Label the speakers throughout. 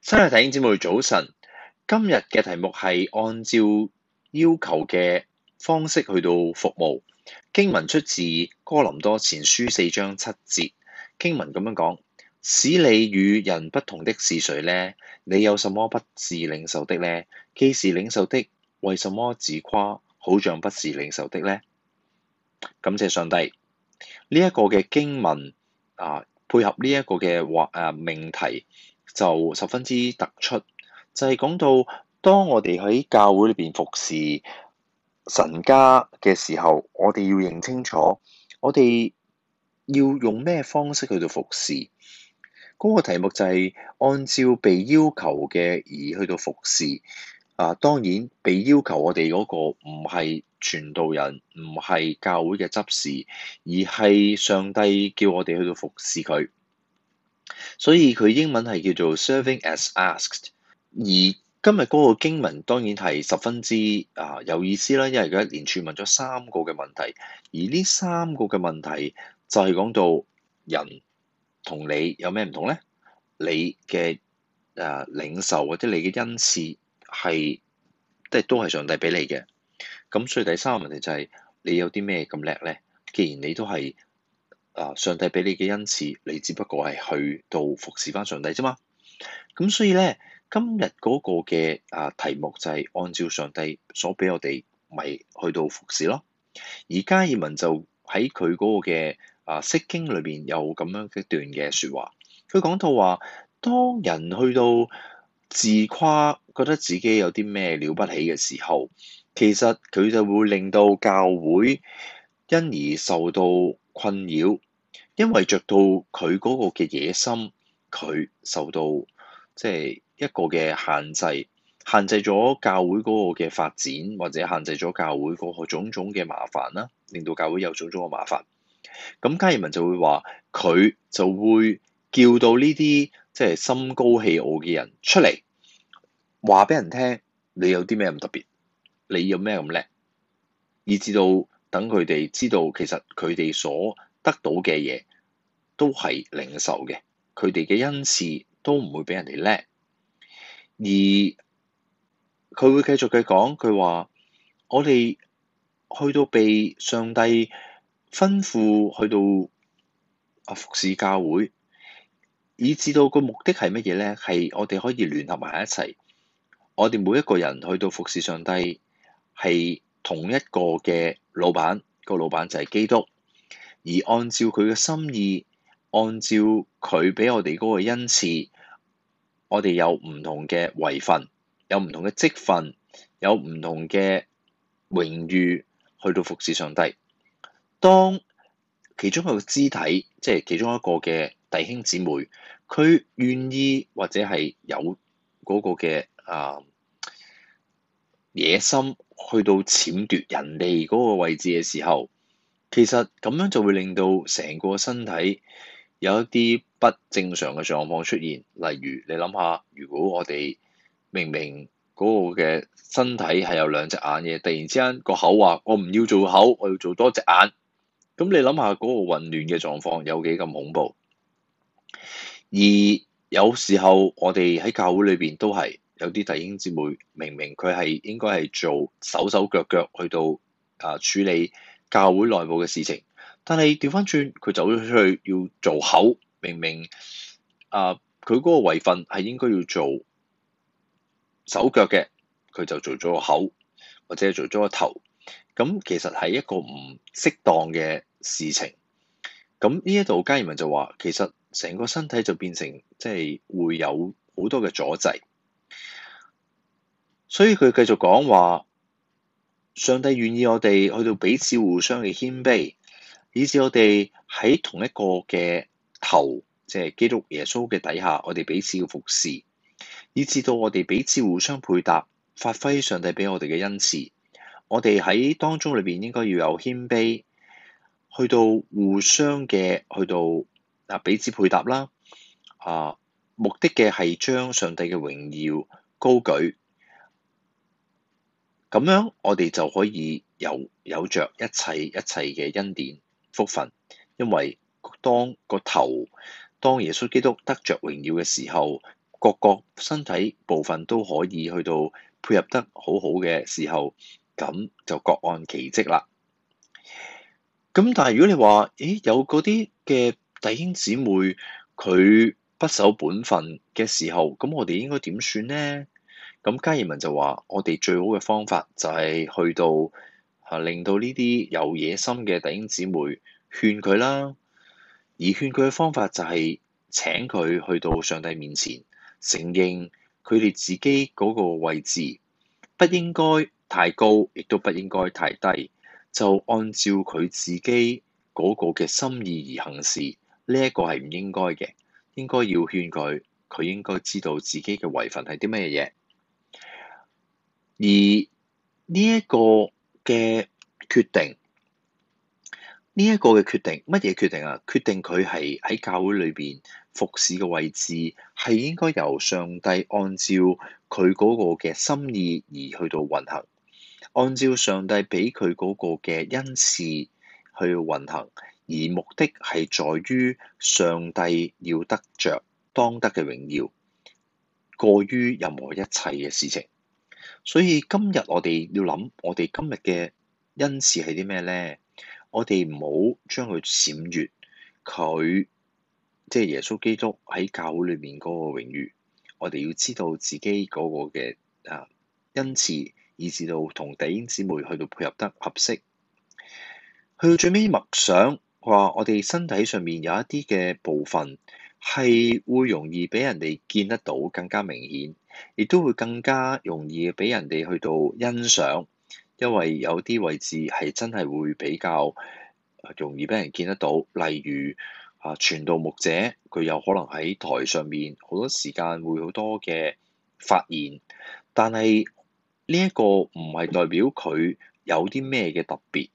Speaker 1: 新嘅弟兄姊妹早晨，今日嘅題目係按照要求嘅方式去到服務。經文出自哥林多前書四章七節，經文咁樣講：使你與人不同的是誰呢？你有什麼不是領受的呢？既是領受的，為什麼自誇？好像不是領受的呢？感謝上帝，呢一個嘅經文啊，配合呢一個嘅話誒命題。就十分之突出，就係講到當我哋喺教會裏邊服侍神家嘅時候，我哋要認清楚，我哋要用咩方式去到服侍，嗰個題目就係按照被要求嘅而去到服侍啊，當然被要求我哋嗰個唔係傳道人，唔係教會嘅執事，而係上帝叫我哋去到服侍佢。所以佢英文係叫做 Serving as asked。而今日嗰個經文當然係十分之啊有意思啦，因為佢一連串問咗三個嘅問題，而呢三個嘅問題就係講到人同你有咩唔同咧？你嘅誒領受或者你嘅恩賜係即係都係上帝俾你嘅。咁所以第三個問題就係你有啲咩咁叻咧？既然你都係。啊！上帝俾你嘅恩賜，你只不過係去到服侍翻上帝啫嘛。咁所以咧，今日嗰個嘅啊題目就係按照上帝所俾我哋，咪去到服侍咯。而加爾文就喺佢嗰個嘅啊釋經裏邊有咁樣一段嘅説話，佢講到話，當人去到自誇，覺得自己有啲咩了不起嘅時候，其實佢就會令到教會因而受到困擾。因為着到佢嗰個嘅野心，佢受到即係、就是、一個嘅限制，限制咗教會嗰個嘅發展，或者限制咗教會嗰個種種嘅麻煩啦，令到教會有種種嘅麻煩。咁加爾文就會話，佢就會叫到呢啲即係心高氣傲嘅人出嚟，話俾人聽你有啲咩咁特別，你有咩咁叻，以至到等佢哋知道其實佢哋所得到嘅嘢。都係零售嘅，佢哋嘅恩賜都唔會俾人哋叻。而佢會繼續嘅講，佢話我哋去到被上帝吩咐去到服侍教會，以至到個目的係乜嘢呢？係我哋可以聯合埋一齊，我哋每一個人去到服侍上帝係同一個嘅老闆，那個老闆就係基督，而按照佢嘅心意。按照佢俾我哋嗰個恩賜，我哋有唔同嘅位份，有唔同嘅職份，有唔同嘅榮譽去到服侍上帝。當其中一個肢體，即係其中一個嘅弟兄姊妹，佢願意或者係有嗰個嘅啊野心，去到竊奪人哋嗰個位置嘅時候，其實咁樣就會令到成個身體。有一啲不正常嘅狀況出現，例如你諗下，如果我哋明明嗰個嘅身體係有兩隻眼嘅，突然之間個口話我唔要做口，我要做多隻眼，咁你諗下嗰個混亂嘅狀況有幾咁恐怖？而有時候我哋喺教會裏邊都係有啲弟兄姊妹，明明佢係應該係做手手腳腳去到啊處理教會內部嘅事情。但係調翻轉，佢走咗出去要做口，明明啊，佢、呃、嗰個位份係應該要做手腳嘅，佢就做咗個口，或者做咗個頭，咁其實係一個唔適當嘅事情。咁呢一度，加爾文就話，其實成個身體就變成即係、就是、會有好多嘅阻滯，所以佢繼續講話，上帝願意我哋去到彼此互相嘅謙卑。以致我哋喺同一個嘅頭，即係基督耶穌嘅底下，我哋彼此要服侍，以致到我哋彼此互相配搭，發揮上帝畀我哋嘅恩慈。我哋喺當中裏邊應該要有謙卑，去到互相嘅去到嗱彼此配搭啦。啊，目的嘅係將上帝嘅榮耀高舉，咁樣我哋就可以有有着一切一切嘅恩典。福份，因為當個頭，當耶穌基督得着榮耀嘅時候，各個身體部分都可以去到配合得好好嘅時候，咁就各按其職啦。咁但係如果你話，誒有嗰啲嘅弟兄姊妹佢不守本分嘅時候，咁我哋應該點算呢？咁加爾文就話，我哋最好嘅方法就係去到。令到呢啲有野心嘅弟兄姊妹勸佢啦，而勸佢嘅方法就係請佢去到上帝面前承認佢哋自己嗰個位置，不應該太高，亦都不應該太低，就按照佢自己嗰個嘅心意而行事。呢、這、一個係唔應該嘅，應該要勸佢，佢應該知道自己嘅位份係啲咩嘢。而呢、這、一個嘅決定，呢一個嘅決定，乜嘢決定啊？決定佢係喺教會裏邊服侍嘅位置，係應該由上帝按照佢嗰個嘅心意而去到運行，按照上帝俾佢嗰個嘅恩賜去運行，而目的係在於上帝要得着當得嘅榮耀，過於任何一切嘅事情。所以今日我哋要諗，我哋今日嘅恩賜係啲咩呢？我哋唔好將佢僭越，佢即係耶穌基督喺教會裏面嗰個榮譽。我哋要知道自己嗰個嘅啊恩賜，以至到同弟兄姊妹去到配合得合適。去到最尾默想，話我哋身體上面有一啲嘅部分係會容易俾人哋見得到，更加明顯。亦都會更加容易嘅俾人哋去到欣賞，因為有啲位置係真係會比較容易俾人見得到。例如啊，傳道牧者佢有可能喺台上面好多時間會好多嘅發言，但係呢一個唔係代表佢有啲咩嘅特別，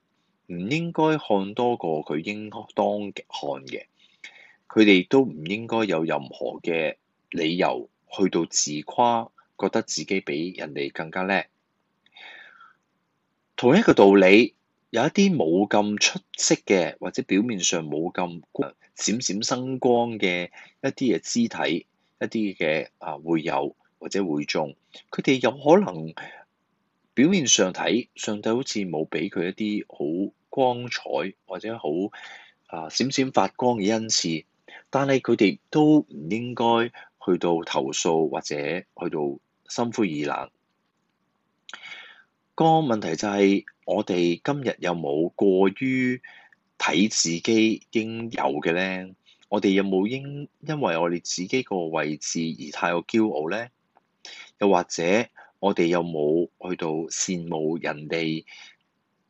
Speaker 1: 唔應該看多過佢應當嘅看嘅。佢哋都唔應該有任何嘅理由。去到自誇，覺得自己比人哋更加叻。同一個道理，有一啲冇咁出色嘅，或者表面上冇咁閃閃生光嘅一啲嘅肢體，一啲嘅啊會友或者會眾，佢哋有可能表面上睇上帝好似冇俾佢一啲好光彩或者好啊閃閃發光嘅恩賜，但係佢哋都唔應該。去到投訴或者去到心灰意冷，個問題就係、是、我哋今日有冇過於睇自己應有嘅呢？我哋有冇應因，因為我哋自己個位置而太過驕傲呢？又或者我哋有冇去到羨慕人哋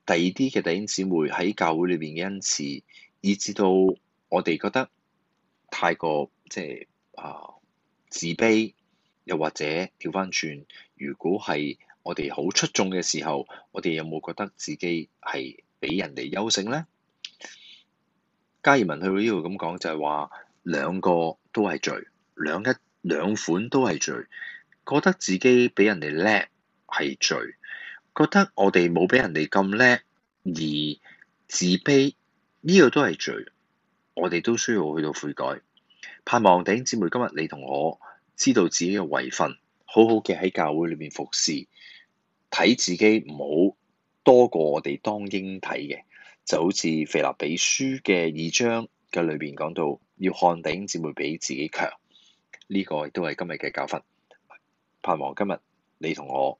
Speaker 1: 第二啲嘅弟兄姊妹喺教會裏面嘅恩賜，以至到我哋覺得太過即係、就是、啊～自卑，又或者調翻轉，如果係我哋好出眾嘅時候，我哋有冇覺得自己係比人哋優勝呢？加爾文去到呢度咁講就係、是、話兩個都係罪，兩一兩款都係罪。覺得自己比人哋叻係罪，覺得我哋冇比人哋咁叻而自卑，呢、這個都係罪。我哋都需要去到悔改。盼望弟兄姊妹今日你同我知道自己嘅遺份，好好嘅喺教會裏面服侍，睇自己唔好多過我哋當應睇嘅，就好似腓立比書嘅二章嘅裏邊講到，要看弟兄姊妹比自己強。呢個都係今日嘅教訓。盼望今日你同我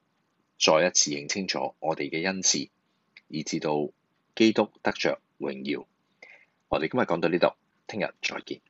Speaker 1: 再一次認清楚我哋嘅恩賜，以至到基督得着榮耀。我哋今日講到呢度，聽日再見。